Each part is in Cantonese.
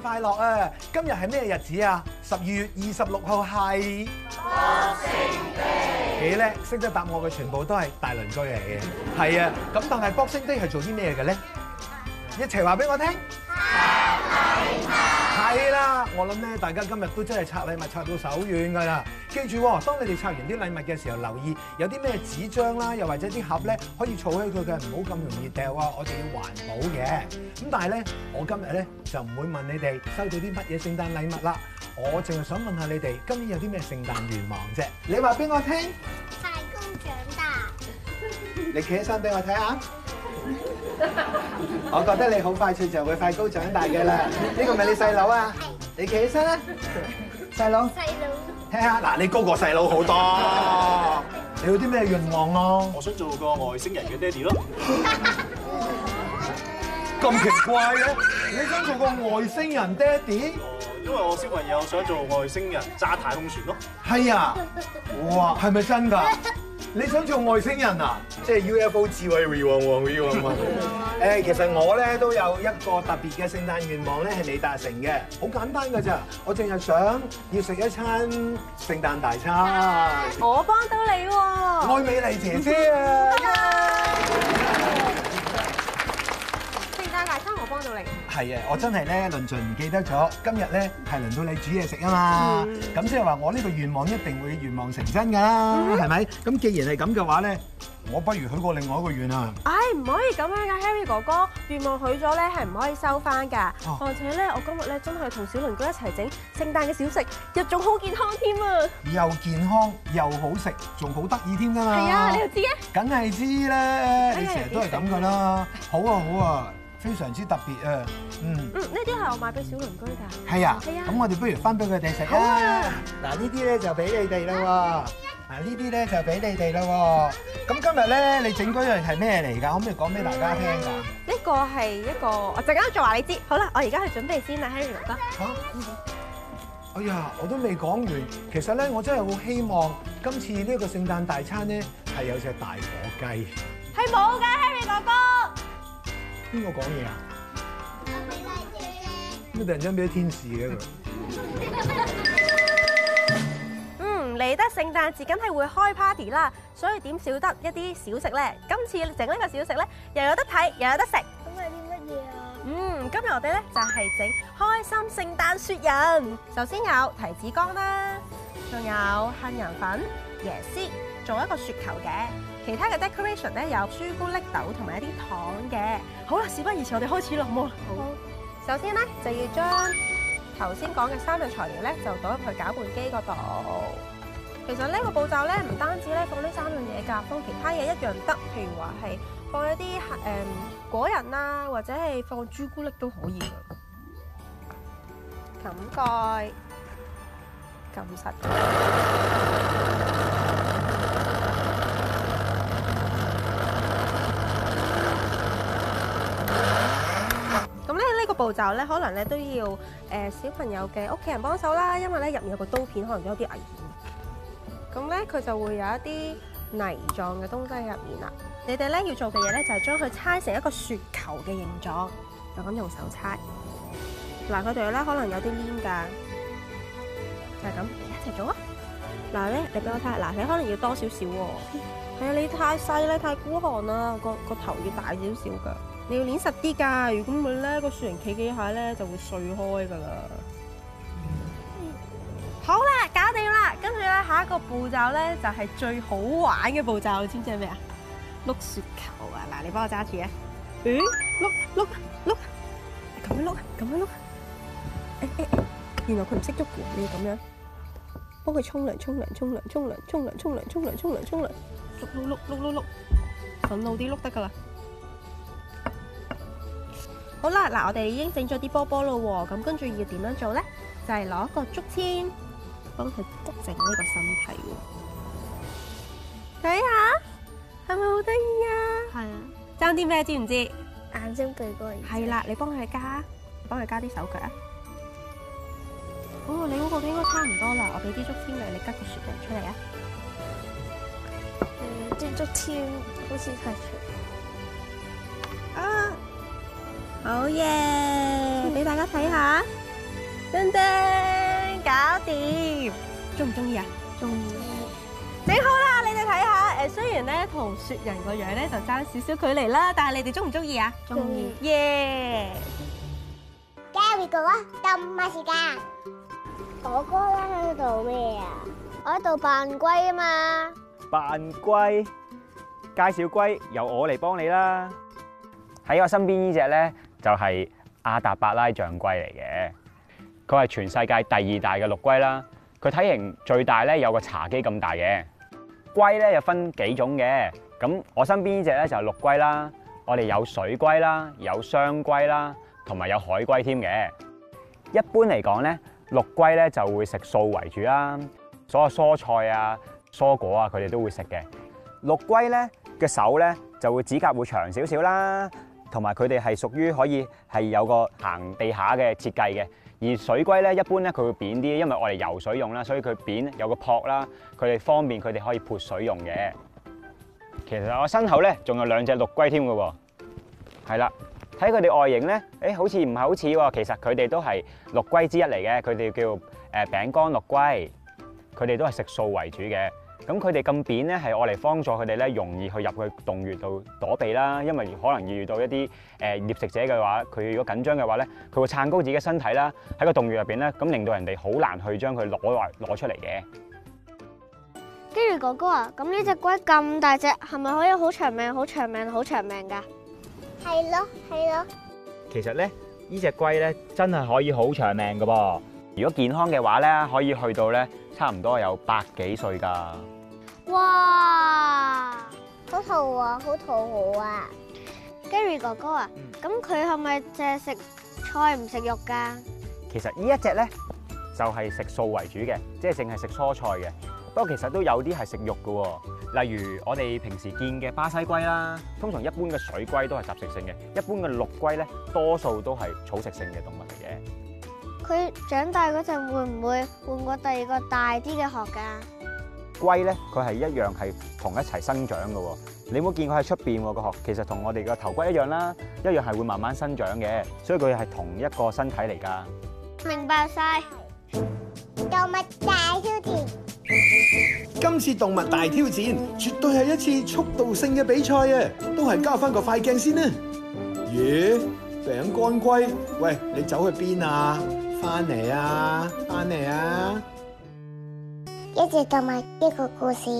快樂啊！今日係咩日子啊？十二月二十六號係博城地幾叻？識得答我嘅全部都係大鄰居嚟嘅，係啊！ 咁但係卜星地係做啲咩嘅咧？一齊話俾我聽。係啦，我諗咧，大家今日都真係拆禮物拆到手軟噶啦。記住，當你哋拆完啲禮物嘅時候，留意有啲咩紙張啦，又或者啲盒咧可以儲起佢嘅，唔好咁容易掉啊！我哋要環保嘅。咁但係咧，我今日咧就唔會問你哋收到啲乜嘢聖誕禮物啦，我淨係想問下你哋，今年有啲咩聖誕願望啫？你話邊個聽？快高長大。你企起身俾我睇下。我覺得你好快脆就會快高長大嘅啦，呢個咪你細佬啊？係，你企起身啦，細佬。細佬。睇下，嗱，你高過細佬好多。你有啲咩願望咯？我想做個外星人嘅爹哋咯。咁奇怪嘅，你想做個外星人爹哋？因為我小朋友想做外星人揸太空船咯。係啊，哇，係咪真噶？你想做外星人啊？即係 UFO 智慧 rewon 望。對其實我咧都有一個特別嘅聖誕願望咧，係未達成嘅，好簡單嘅咋，我淨係想要食一餐聖誕大餐。我幫到你喎，愛美麗姐姐啊。大餐我幫到你，係啊，我真係咧論盡唔記得咗，今日咧係輪到你煮嘢食啊嘛，咁即係話我呢個願望一定會願望成真噶啦，係咪？咁既然係咁嘅話咧，我不如許過另外一個願啊！哎，唔可以咁樣噶，Harry 哥哥願望許咗咧係唔可以收翻噶，況且咧我今日咧真係同小鄰居一齊整聖誕嘅小食，又仲好健康添啊！又健康又好食，仲好得意添噶嘛！係啊，你又知嘅？梗係知啦，你成日都係咁噶啦，好啊好啊。非常之特別啊！嗯嗯，呢啲係我買俾小鄰居㗎。係啊，係啊，咁我哋不如分俾佢哋食啊！嗱，呢啲咧就俾你哋啦喎，嗱呢啲咧就俾你哋啦喎。咁今日咧你整嗰樣係咩嚟㗎？可唔可以講俾大家聽㗎？呢個係一個，我陣間再話你知。好啦，我而家去準備先啦，Harry 哥哥。嚇！哎呀，我都未講完。其實咧，我真係好希望今次呢一個聖誕大餐咧係有隻大火雞。係冇㗎，Harry 哥哥。邊個講嘢啊？咩突然間俾啲天使嘅佢？嗯，嚟得聖誕節梗係會開 party 啦，所以點少得一啲小食咧？今次整呢個小食咧又有得睇又有得食。咁係啲乜嘢啊？嗯，今日我哋咧就係整開心聖誕雪人。首先有提子乾啦，仲有杏仁粉、椰絲，仲有一個雪球嘅。其他嘅 decoration 咧有朱古力豆同埋一啲糖嘅。好啦，事不宜遲，我哋開始咯，好冇？好，好。首先咧就要將頭先講嘅三樣材料咧就倒入去攪拌機嗰度。其實呢個步驟咧唔單止咧放呢三樣嘢㗎，放其他嘢一樣得。譬如話係放一啲誒、嗯、果仁啦、啊，或者係放朱古力都可以嘅。冚蓋，咁實 這個步驟咧，可能咧都要誒，小朋友嘅屋企人幫手啦，因為咧入面有個刀片，可能都有啲危險。咁咧，佢就會有一啲泥狀嘅東西入面啦。你哋咧要做嘅嘢咧，就係將佢搓成一個雪球嘅形狀，就咁用手搓。嗱，佢哋咧可能有啲黏噶，就咁、是、一齊做啊！嗱，咧你俾我睇下，嗱，你看看可能要多少少喎？係啊、哎，你太細啦，太孤寒啦，個個頭要大少少噶。要捻實啲噶，如果佢咧個雪人企幾下咧，就會碎開噶啦。嗯、好啦，搞掂啦，跟住咧下一個步驟咧就係、是、最好玩嘅步驟，你知唔知係咩啊？碌雪球啊！嗱，你幫我揸住啊。嗯、欸，碌碌碌，咁樣碌，咁樣碌、欸欸。原來佢唔識捉鼓，要咁樣。幫佢沖涼，沖涼，沖涼，沖涼，沖涼，沖涼，沖涼，沖涼，沖涼，碌碌碌碌碌碌，搵怒啲碌得噶啦。好啦，嗱，我哋已經整咗啲波波咯，咁跟住要點樣做咧？就係攞個竹籤，幫佢糾整呢個身體。睇下係咪好得意啊？係啊。爭啲咩？知唔知？眼睛、鼻哥。係啦，你幫佢加，幫佢加啲手腳啊。哦，你嗰個應該差唔多啦，我俾啲竹簽你，你吉個雪人出嚟啊。嗯，啲竹簽好似太好耶！俾大家睇下，登登，搞掂，中唔中意啊？中意，整好啦，你哋睇下。誒，雖然咧同雪人個樣咧就差少少距離啦，但係你哋中唔中意啊？中意。耶！Gary 哥哥，又冇時間。哥哥咧喺度做咩啊？我喺度扮龜啊嘛。扮龜，介紹龜，由我嚟幫你啦。喺我身邊呢隻咧。就係亞達伯拉象龜嚟嘅，佢係全世界第二大嘅陸龜啦，佢體型最大咧，有個茶幾咁大嘅。龜咧有分幾種嘅，咁我身邊呢隻咧就係陸龜啦，我哋有水龜啦，有雙龜啦，同埋有海龜添嘅。一般嚟講咧，陸龜咧就會食素為主啦，所有蔬菜啊、蔬果啊，佢哋都會食嘅。陸龜咧嘅手咧就會指甲會長少少啦。同埋佢哋係屬於可以係有個行地下嘅設計嘅，而水龜咧一般咧佢會扁啲，因為我哋游水用啦，所以佢扁有個殼啦，佢哋方便佢哋可以撥水用嘅。其實我身後咧仲有兩隻陸龜添㗎喎，係啦，睇佢哋外形咧，誒好似唔係好似喎，其實佢哋都係陸龜之一嚟嘅，佢哋叫誒餅乾陸龜，佢哋都係食素為主嘅。咁佢哋咁扁咧，係我嚟幫助佢哋咧，容易去入去洞穴度躲避啦。因為可能遇到一啲誒獵食者嘅話，佢如果緊張嘅話咧，佢會撐高自己嘅身體啦，喺個洞穴入邊咧，咁令到人哋好難去將佢攞來攞出嚟嘅。跟住哥哥啊，咁呢隻龜咁大隻，係咪可以好長命？好長命？好長命噶？係咯，係咯。其實咧，呢隻龜咧真係可以好長命噶噃。如果健康嘅話咧，可以去到咧差唔多有百幾歲噶。哇，好肚餓，好肚餓啊！Gary 哥哥啊，咁佢係咪淨係食菜唔食肉噶？其實這一隻呢一隻咧就係、是、食素為主嘅，即係淨係食蔬菜嘅。不過其實都有啲係食肉噶，例如我哋平時見嘅巴西龜啦，通常一般嘅水龜都係雜食性嘅，一般嘅陸龜咧多數都係草食性嘅動物嚟嘅。佢長大嗰陣會唔會換過第二個大啲嘅殼噶？龜咧，佢係一樣係同一齊生長噶，你冇見佢喺出邊個殼，其實同我哋個頭骨一樣啦，一樣係會慢慢生長嘅，所以佢係同一個身體嚟噶。明白晒，動物大挑戰。今次動物大挑戰絕對係一次速度性嘅比賽啊！都係交翻個快鏡先啦。咦，餅乾龜，喂，你走去邊啊？翻嚟啊！翻嚟啊！一直同埋呢個故事。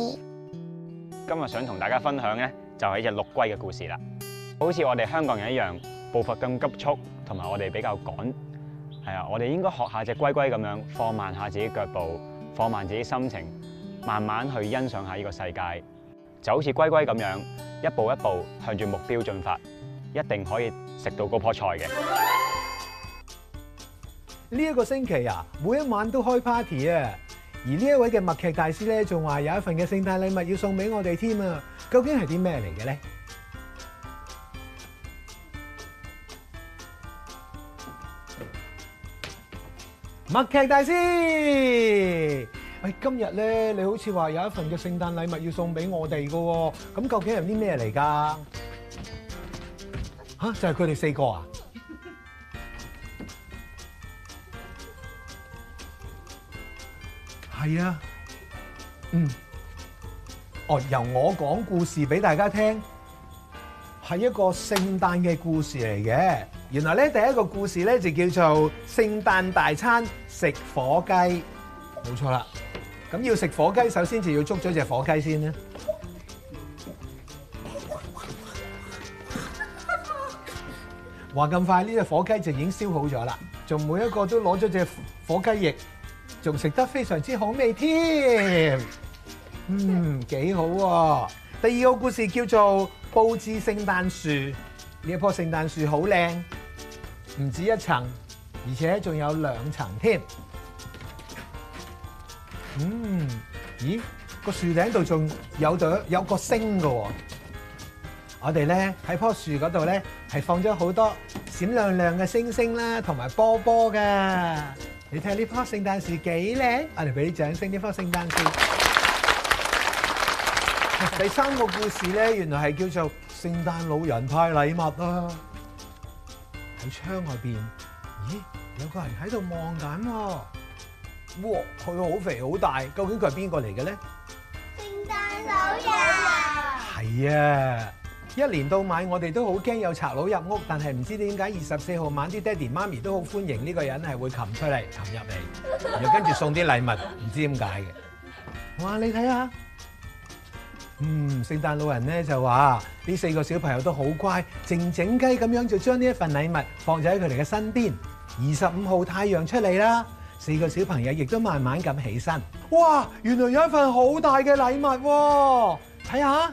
今日想同大家分享呢，就係隻陸龜嘅故事啦。好似我哋香港人一樣，步伐咁急促，同埋我哋比較趕，係啊，我哋應該學下隻龜龜咁樣，放慢下自己腳步，放慢自己心情，慢慢去欣賞下呢個世界。就好似龜龜咁樣，一步一步向住目標進發，一定可以食到嗰棵菜嘅。呢一個星期啊，每一晚都開 party 啊！而呢一位嘅默劇大師咧，仲話有一份嘅聖誕禮物要送俾我哋添啊！究竟係啲咩嚟嘅咧？默劇大師，喂，今日咧，你好似話有一份嘅聖誕禮物要送俾我哋㗎，咁究竟係啲咩嚟㗎？吓，就係佢哋四個啊！係啊，嗯，哦，由我講故事俾大家聽，係一個聖誕嘅故事嚟嘅。原來咧第一個故事咧就叫做聖誕大餐食火雞，冇錯啦。咁要食火雞，首先就要捉咗隻火雞先咧。話咁快呢隻火雞就已經燒好咗啦，仲每一個都攞咗隻火雞翼。仲食得非常之好味添，嗯，幾好喎！第二個故事叫做佈置聖誕樹，呢棵聖誕樹好靚，唔止一層，而且仲有兩層添。嗯，咦，個樹頂度仲有朵有個星嘅喎，我哋咧喺樖樹嗰度咧係放咗好多閃亮亮嘅星星啦，同埋波波㗎。你睇呢棵聖誕樹幾靚？我嚟俾啲掌聲呢棵聖誕樹。第三個故事咧，原來係叫做《聖誕老人派禮物》啊！喺窗外邊，咦，有個人喺度望緊。哇，佢好肥好大，究竟佢係邊個嚟嘅咧？聖誕老人。係啊。一年到晚，我哋都好驚有賊佬入屋，但係唔知點解二十四號晚啲爹哋媽咪都好歡迎呢個人係會擒出嚟、擒入嚟，然後跟住送啲禮物，唔知點解嘅。哇，你睇下，嗯，聖誕老人咧就話呢四個小朋友都好乖，靜靜雞咁樣就將呢一份禮物放咗喺佢哋嘅身邊。二十五號太陽出嚟啦，四個小朋友亦都慢慢咁起身。哇，原來有一份好大嘅禮物喎，啊，睇下。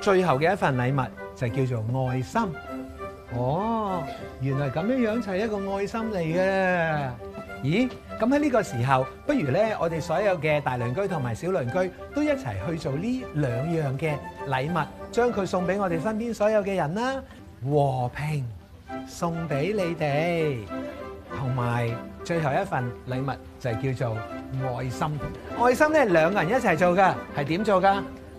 最後嘅一份禮物就叫做愛心。哦，原來咁樣樣就係一個愛心嚟嘅。咦，咁喺呢個時候，不如呢，我哋所有嘅大鄰居同埋小鄰居都一齊去做呢兩樣嘅禮物，將佢送俾我哋身邊所有嘅人啦。和平送俾你哋，同埋最後一份禮物就叫做愛心。愛心呢，兩個人一齊做嘅，係點做噶？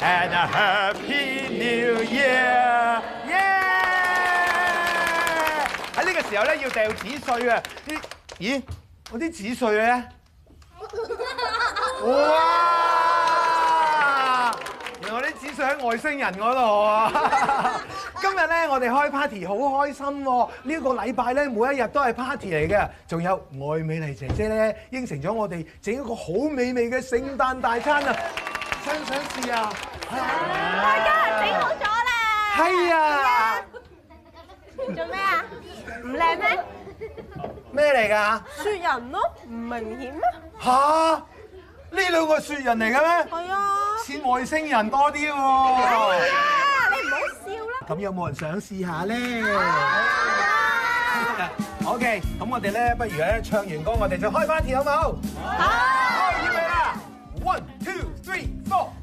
And a happy new year! 喺呢、yeah. Yeah. 個時候咧，要掉紙碎啊！咦，我啲紙碎咧？ 哇！原來我啲紙碎喺外星人嗰度。 今日咧，我哋開 party 好開心喎。呢、這個禮拜咧，每一日都係 party 嚟嘅。仲有愛美麗姐姐咧，應承咗我哋整一個好美味嘅聖誕大餐啊！想唔想試啊？係啊。大家整好咗啦。係啊。做咩啊？唔靚咩？咩嚟㗎？雪人咯。唔明顯咩？吓？呢兩個雪人嚟嘅咩？係啊。似外星人多啲喎。你唔好笑啦。咁有冇人想試下咧？OK。咁我哋咧，不如咧唱完歌，我哋再開翻貼好冇？好。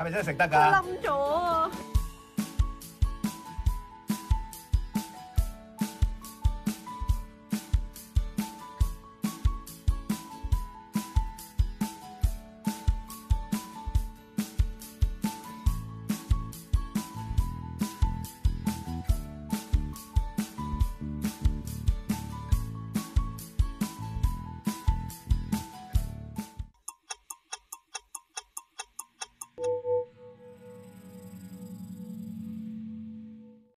係咪真係食得㗎？冧咗。